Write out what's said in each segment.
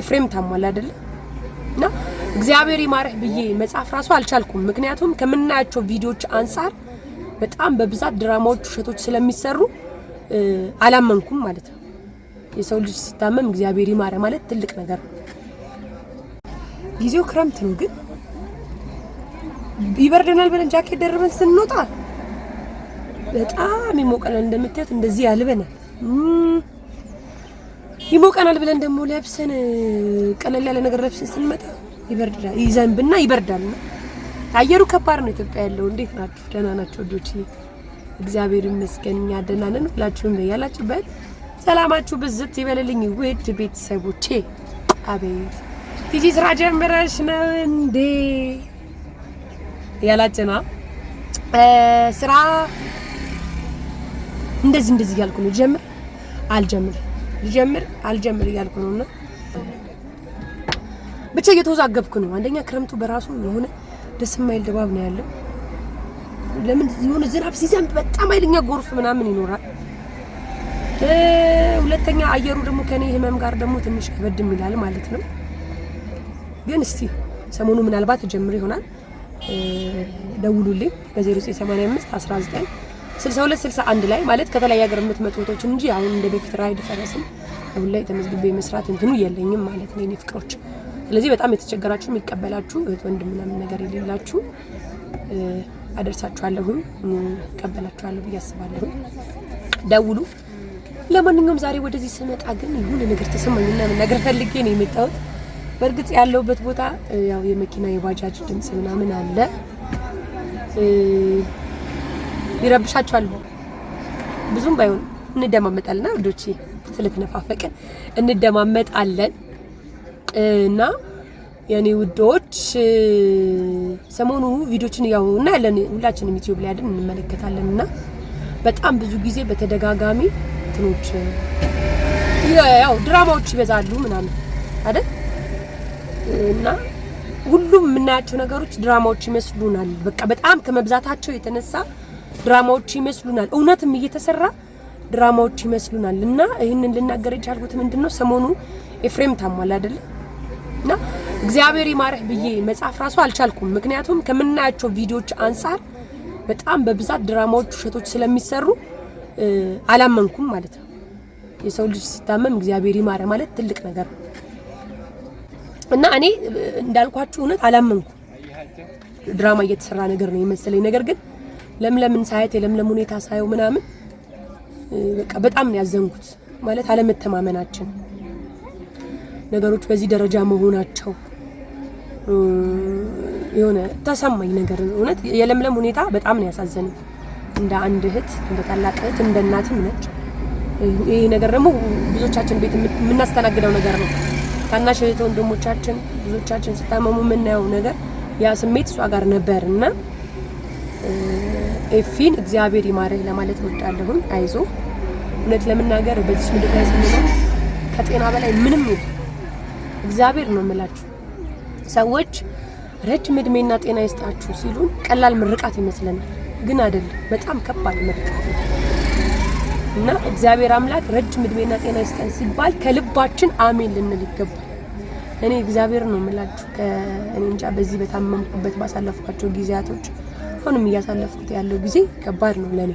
ኤፍሬም ታሟል አይደለ እና እግዚአብሔር ይማርህ ብዬ መጻፍ ራሱ አልቻልኩም። ምክንያቱም ከምናያቸው ቪዲዮዎች አንጻር በጣም በብዛት ድራማዎች፣ ውሸቶች ስለሚሰሩ አላመንኩም ማለት ነው። የሰው ልጅ ሲታመም እግዚአብሔር ይማረ ማለት ትልቅ ነገር ነው። ጊዜው ክረምት ነው፣ ግን ይበርደናል ብለን ጃኬት ደርበን ስንወጣ በጣም ይሞቀናል። እንደምታዩት እንደዚህ ያልበናል። ይሞቀናል ብለን ደግሞ ለብሰን ቀለል ያለ ነገር ለብሰን ስንመጣ ይበርዳል፣ ይዘንብና ይበርዳል። አየሩ ከባድ ነው ኢትዮጵያ ያለው። እንዴት ናችሁ? ደህና ናቸው ወዶች? እግዚአብሔር ይመስገን እኛ ደህና ነን። ሁላችሁም ያላችሁበት ሰላማችሁ ብዝት ይበልልኝ ውድ ቤተሰቦቼ። አቤት ቲጂ ስራ ጀምረሽ ነው እንዴ ያላችሁ ነው ስራ እንደዚህ እንደዚህ እያልኩ ነው ጀምር አልጀምር ልጀምር አልጀምር እያልኩ ነውና ብቻ እየተወዛገብኩ ነው። አንደኛ ክረምቱ በራሱ የሆነ ደስ የማይል ድባብ ነው ያለው። ለምን የሆነ ዝናብ ሲዘንብ በጣም ኃይለኛ ጎርፍ ምናምን ይኖራል። ሁለተኛ አየሩ ደግሞ ከኔ ህመም ጋር ደግሞ ትንሽ ከበድም ይላል ማለት ነው። ግን እስቲ ሰሞኑ ምናልባት ጀምር ይሆናል። ደውሉልኝ በ0985 19 62 61 ላይ ማለት ከተለያየ ሀገር የምትመጡ እህቶችን እንጂ አሁን እንደ በፊት ራይድ ፈረስም አሁን ላይ ተመዝግቤ የመስራት እንትኑ የለኝም ማለት ነው የኔ ፍቅሮች። ስለዚህ በጣም የተቸገራችሁ የሚቀበላችሁ እህት ወንድም ምናምን ነገር የሌላችሁ አደርሳችኋለሁም እቀበላችኋለሁ ብዬ አስባለሁ። ደውሉ። ለማንኛውም ዛሬ ወደዚህ ስመጣ ግን የሆነ ነገር ተሰማኝና መናገር ፈልጌ ነው የመጣሁት። በእርግጥ ያለሁበት ቦታ ያው የመኪና የባጃጅ ድምፅ ምናምን አለ ይረብሻቸዋል። ብዙም ባይሆን እንደማመጣልና ወዶቼ ስለተነፋፈቅን እንደማመጣለን እና የኔ ውዶች ሰሞኑ ቪዲዮችን ያው እና ያለን ሁላችንም ዩቲዩብ ላይ አይደል እንመለከታለን እና በጣም ብዙ ጊዜ በተደጋጋሚ እንትኖች ያው ድራማዎች ይበዛሉ ምናምን አይደል እና ሁሉም የምናያቸው ነገሮች ድራማዎች ይመስሉናል። በቃ በጣም ከመብዛታቸው የተነሳ ድራማዎች ይመስሉናል፣ እውነትም እየተሰራ ድራማዎች ይመስሉናል። እና ይህንን ልናገር የቻልኩት ምንድን ነው ሰሞኑ ኤፍሬም ታሟል አይደለም እና እግዚአብሔር ይማረህ ብዬ መጻፍ ራሱ አልቻልኩም። ምክንያቱም ከምናያቸው ቪዲዮዎች አንጻር በጣም በብዛት ድራማዎች ውሸቶች ስለሚሰሩ አላመንኩም ማለት ነው። የሰው ልጅ ሲታመም እግዚአብሔር ይማረህ ማለት ትልቅ ነገር ነው እና እኔ እንዳልኳችሁ እውነት አላመንኩ ድራማ እየተሰራ ነገር ነው የመሰለኝ ነገር ግን ለምለምን ሳያት የለምለም ሁኔታ ሳየው ምናምን በቃ በጣም ነው ያዘንኩት። ማለት አለመተማመናችን፣ ነገሮች በዚህ ደረጃ መሆናቸው የሆነ ተሰማኝ ነገር እውነት የለምለም ሁኔታ በጣም ነው ያሳዘነኝ። እንደ አንድ እህት፣ እንደ ታላቅ እህት፣ እንደ እናትም ነች። ይሄ ነገር ደግሞ ብዙዎቻችን ቤት የምናስተናግደው ነገር ነው። ታናሽ እህት ወንድሞቻችን ብዙዎቻችን ስታመሙ የምናየው ነገር ያ ስሜት እሷ ጋር ነበር እና ኤፊን እግዚአብሔር ይማረኝ ለማለት እወዳለሁኝ። አይዞ እውነት ለመናገር በዚህ ምድር ላይ ስንኖር ከጤና በላይ ምንም የለም። እግዚአብሔር ነው የምላችሁ። ሰዎች ረጅም እድሜና ጤና ይስጣችሁ ሲሉን ቀላል ምርቃት ይመስለናል፣ ግን አይደለም። በጣም ከባድ ምርቃት እና እግዚአብሔር አምላክ ረጅም እድሜና ጤና ይስጠን ሲባል ከልባችን አሜን ልንል ይገባል። እኔ እግዚአብሔር ነው የምላችሁ ከእኔ እንጃ በዚህ በታመምኩበት ባሳለፍኳቸው ጊዜያቶች አሁንም እያሳለፍኩት ያለው ጊዜ ከባድ ነው ለኔ።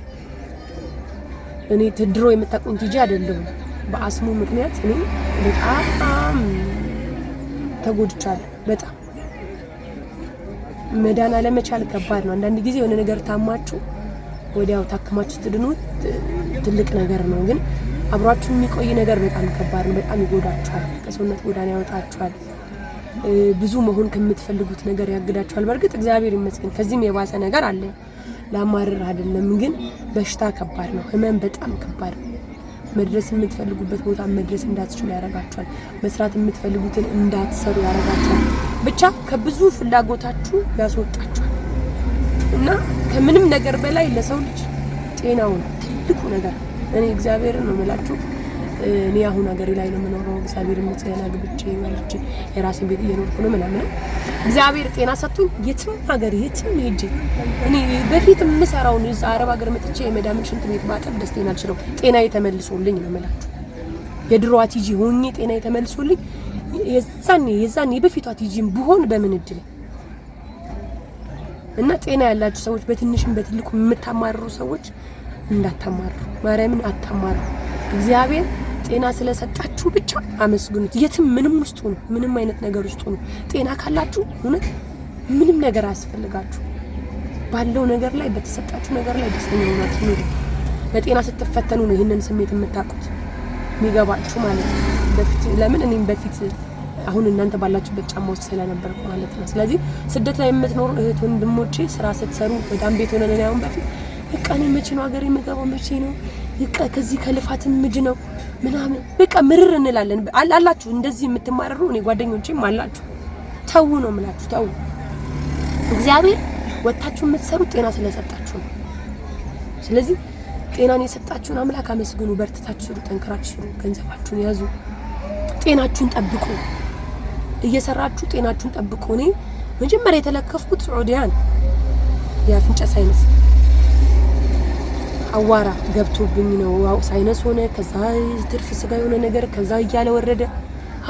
እኔ ትድሮ የምታቆኝ ቲጂ አይደለሁም። በአስሙ ምክንያት እኔ በጣም ተጎድቻለሁ። በጣም መዳን አለመቻል ከባድ ነው። አንዳንድ ጊዜ የሆነ ነገር ታማችሁ ወዲያው ታክማችሁ ትድኑ ትልቅ ነገር ነው፣ ግን አብሯችሁ የሚቆይ ነገር በጣም ከባድ ነው። በጣም ይጎዳችኋል፣ ከሰውነት ጎዳና ያወጣችኋል። ብዙ መሆን ከምትፈልጉት ነገር ያግዳችኋል። በእርግጥ እግዚአብሔር ይመስገን ከዚህም የባሰ ነገር አለ። ለማማረር አይደለም ግን በሽታ ከባድ ነው። ህመም በጣም ከባድ ነው። መድረስ የምትፈልጉበት ቦታ መድረስ እንዳትችሉ ያደርጋችኋል። መስራት የምትፈልጉትን እንዳትሰሩ ያደርጋችኋል። ብቻ ከብዙ ፍላጎታችሁ ያስወጣችኋል እና ከምንም ነገር በላይ ለሰው ልጅ ጤናውን ትልቁ ነገር እኔ እግዚአብሔርን ነው የምላችሁ እኔ አሁን ሀገሬ ላይ ነው የምኖረው። እግዚአብሔር ምጽና ግብቼ ወልጄ የራሴን ቤት እየኖርኩ ነው ምናምን። ነው። እግዚአብሔር ጤና ሰጥቶኝ የትም ሀገር የትም ሄጄ እኔ በፊት የምሰራውን እዛ አረብ ሀገር መጥቼ የመዳምን ሽንት ቤት ማጠብ ደስቴን አልችለው። ጤና የተመልሶልኝ ነው የምላችሁ። የድሮ ቲጂ ሆኜ ጤና የተመልሶልኝ የዛኔ የዛኔ በፊቷ ቲጂም ብሆን በምን እድል እና ጤና ያላችሁ ሰዎች በትንሽም በትልቁ የምታማርሩ ሰዎች እንዳታማርሩ፣ ማርያምን አታማርሩ። እግዚአብሔር ጤና ስለሰጣችሁ ብቻ አመስግኑት። የትም ምንም ውስጥ ሁኑ፣ ምንም አይነት ነገር ውስጥ ሁኑ፣ ጤና ካላችሁ እውነት ምንም ነገር አያስፈልጋችሁ። ባለው ነገር ላይ በተሰጣችሁ ነገር ላይ ደስተኛ ሆናችሁ ኑሩ። በጤና ስትፈተኑ ነው ይህንን ስሜት የምታውቁት የሚገባችሁ ማለት ነው። በፊት ለምን እኔም በፊት አሁን እናንተ ባላችሁበት ጫማ ውስጥ ስለነበርኩ ማለት ነው። ስለዚህ ስደት ላይ የምትኖሩ እህት ወንድሞቼ ስራ ስትሰሩ በጣም ቤት ሆነን አሁን በፊት በቃ እኔ መቼ ነው ሀገር የምገባው? መቼ ነው በቃ ከዚህ ከልፋት ምድ ነው ምናምን በቃ ምርር እንላለን። አላችሁ እንደዚህ የምትማረሩ እኔ ጓደኞቼም አላችሁ። ተው ነው የምላችሁ፣ ተው እግዚአብሔር ወታችሁ የምትሰሩ ጤና ስለሰጣችሁ ነው። ስለዚህ ጤናን የሰጣችሁን አምላክ አመስግኑ። በርትታችሁ ስሩ፣ ጠንክራችሁ ስሩ፣ ገንዘባችሁን ያዙ፣ ጤናችሁን ጠብቁ። እየሰራችሁ ጤናችሁን ጠብቁ። እኔ መጀመሪያ የተለከፍኩት ሱዑዲያን የአፍንጫ ሳይነስ አዋራ ገብቶብኝ ነው ሳይነስ ሆነ፣ ከዛ ትርፍ ስጋ የሆነ ነገር ከዛ እያለ ወረደ።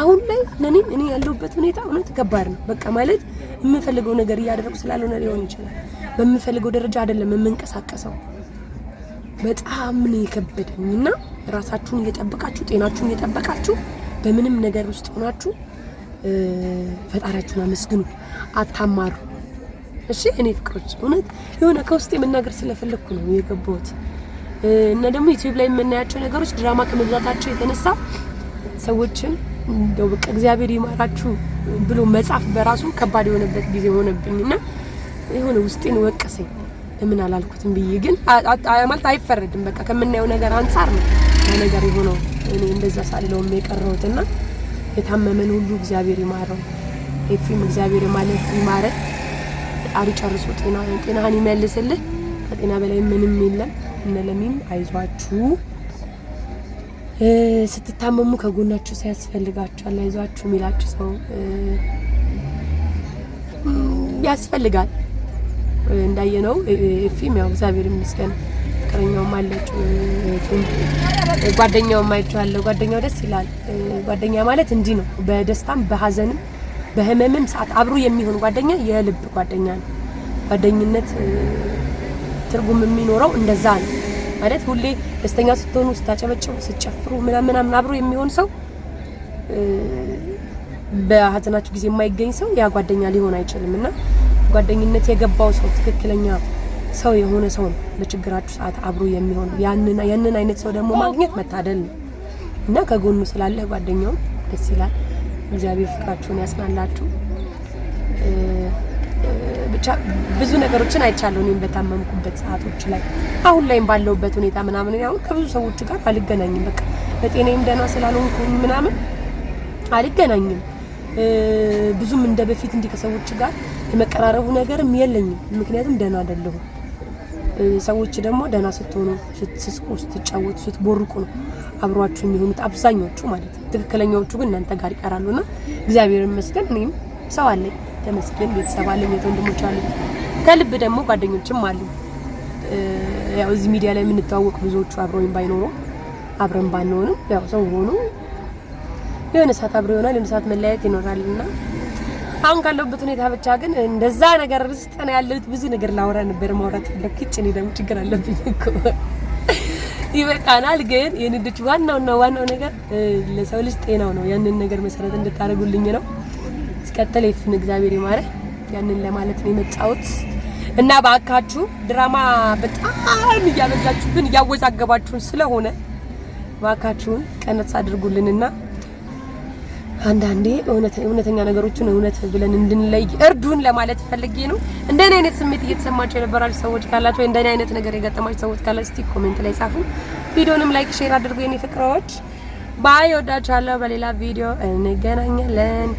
አሁን ላይ ለኔ እኔ ያለሁበት ሁኔታ እውነት ከባድ ነው። በቃ ማለት የምፈልገው ነገር እያደረጉ ስላልሆነ ሊሆን ይችላል። በምፈልገው ደረጃ አይደለም የምንቀሳቀሰው። በጣም ነው የከበደኝ እና ራሳችሁን እየጠበቃችሁ ጤናችሁን እየጠበቃችሁ በምንም ነገር ውስጥ ሆናችሁ ፈጣሪያችሁን አመስግኑ፣ አታማሩ። እሺ እኔ ፍቅሮች እውነት የሆነ ከውስጤ መናገር ስለፈለግኩ ነው የገባሁት። እና ደግሞ ዩቲዩብ ላይ የምናያቸው ነገሮች ድራማ ከመግዛታቸው የተነሳ ሰዎችን እንደው በቃ እግዚአብሔር ይማራችሁ ብሎ መጻፍ በራሱ ከባድ የሆነበት ጊዜ እና የሆነ ውስጤን ወቀሰኝ። ለምን አላልኩትም ብዬ ግን ማለት አይፈረድም። በቃ ከምናየው ነገር አንጻር ነው ያ ነገር የሆነው። እኔ እንደዛ ሳለውም እና የታመመን ሁሉ እግዚአብሔር ይማረው ኤፍሬም እግዚአብሔር ማለት ይማረት ፈጣሪ ጨርሶ ጤና ጤናህን ይመልስልህ። ከጤና በላይ ምንም የለም። እነለሚም አይዟችሁ፣ ስትታመሙ ከጎናችሁ ሲያስፈልጋችኋል አይዟችሁ የሚላችሁ ሰው ያስፈልጋል። እንዳየነው እፊ ያው እግዚአብሔር ይመስገን ፍቅረኛውም አለችው ጓደኛውም አይቼዋለሁ። ጓደኛው ደስ ይላል። ጓደኛ ማለት እንዲህ ነው፣ በደስታም በሀዘንም በህመምም ሰዓት አብሮ የሚሆን ጓደኛ የልብ ጓደኛ ነው። ጓደኝነት ትርጉም የሚኖረው እንደዛ ነው ማለት ሁሌ ደስተኛ ስትሆኑ፣ ስታጨበጭቡ፣ ስትጨፍሩ ምናምን ምናምን አብሮ የሚሆን ሰው በሀዘናችሁ ጊዜ የማይገኝ ሰው ያ ጓደኛ ሊሆን አይችልም እና ጓደኝነት የገባው ሰው ትክክለኛ ሰው የሆነ ሰው ነው በችግራችሁ ሰዓት አብሮ የሚሆን ያንን አይነት ሰው ደግሞ ማግኘት መታደል ነው እና ከጎኑ ስላለህ ጓደኛው ደስ ይላል። እግዚአብሔር ፍቅራችሁን ያጽናላችሁ። ብቻ ብዙ ነገሮችን አይቻለሁ። እኔም በታመምኩበት ሰዓቶች ላይ አሁን ላይም ባለውበት ሁኔታ ምናምን አሁን ከብዙ ሰዎች ጋር አልገናኝም። በቃ በጤናዬም ደህና ስላልሆንኩ ምናምን አልገናኝም። ብዙም እንደ በፊት እንዲህ ከሰዎች ጋር የመቀራረቡ ነገርም የለኝም። ምክንያቱም ደህና አይደለሁም። ሰዎች ደግሞ ደህና ስትሆኑ፣ ስትስቁ፣ ስትጫወቱ፣ ስትቦርቁ ነው አብሯችሁ የሚሆኑት አብዛኞቹ ማለት ነው። ትክክለኛዎቹ ግን እናንተ ጋር ይቀራሉና እግዚአብሔር ይመስገን እኔም ሰው አለኝ ተመስገን፣ ቤተሰብ አለኝ፣ ወንድሞች አሉ፣ ከልብ ደግሞ ጓደኞችም አሉ። ያው እዚህ ሚዲያ ላይ የምንተዋወቅ ብዙዎቹ አብረውኝ ባይኖሩ አብረን ባንሆንም ያው ሰው ሆኑ የሆነ ሰዓት አብሮ ይሆናል፣ የሆነ ሰዓት መለያየት ይኖራልና አሁን ካለሁበት ሁኔታ ብቻ ግን እንደዛ ነገር ውስጥ ነው ያለሁት። ብዙ ነገር ላወራ ነበር ማውራት ለክጭ እኔ ደግሞ ችግር አለብኝ እኮ ይበቃናል። ግን የንድች ዋናውና ዋናው ነገር ለሰው ልጅ ጤናው ነው። ያንን ነገር መሰረት እንድታደርጉልኝ ነው። ሲቀጥል ይፍን እግዚአብሔር ይማረ ያንን ለማለት ነው የመጣሁት እና በአካችሁ ድራማ በጣም እያበዛችሁብን እያወዛገባችሁን ስለሆነ ባካችሁን ቀነስ አድርጉልንና አንዳንዴ እውነተኛ ነገሮችን እውነት ብለን እንድንለይ እርዱን ለማለት ፈልጌ ነው። እንደኔ አይነት ስሜት እየተሰማቸው የነበራችሁ ሰዎች ካላችሁ ወይ እንደኔ አይነት ነገር የገጠማችሁ ሰዎች ካላችሁ እስቲ ኮሜንት ላይ ጻፉ። ቪዲዮንም ላይክ፣ ሼር አድርጉ የኔ ፍቅሮች። ባይ ወዳችኋለሁ። በሌላ ቪዲዮ እንገናኛለን።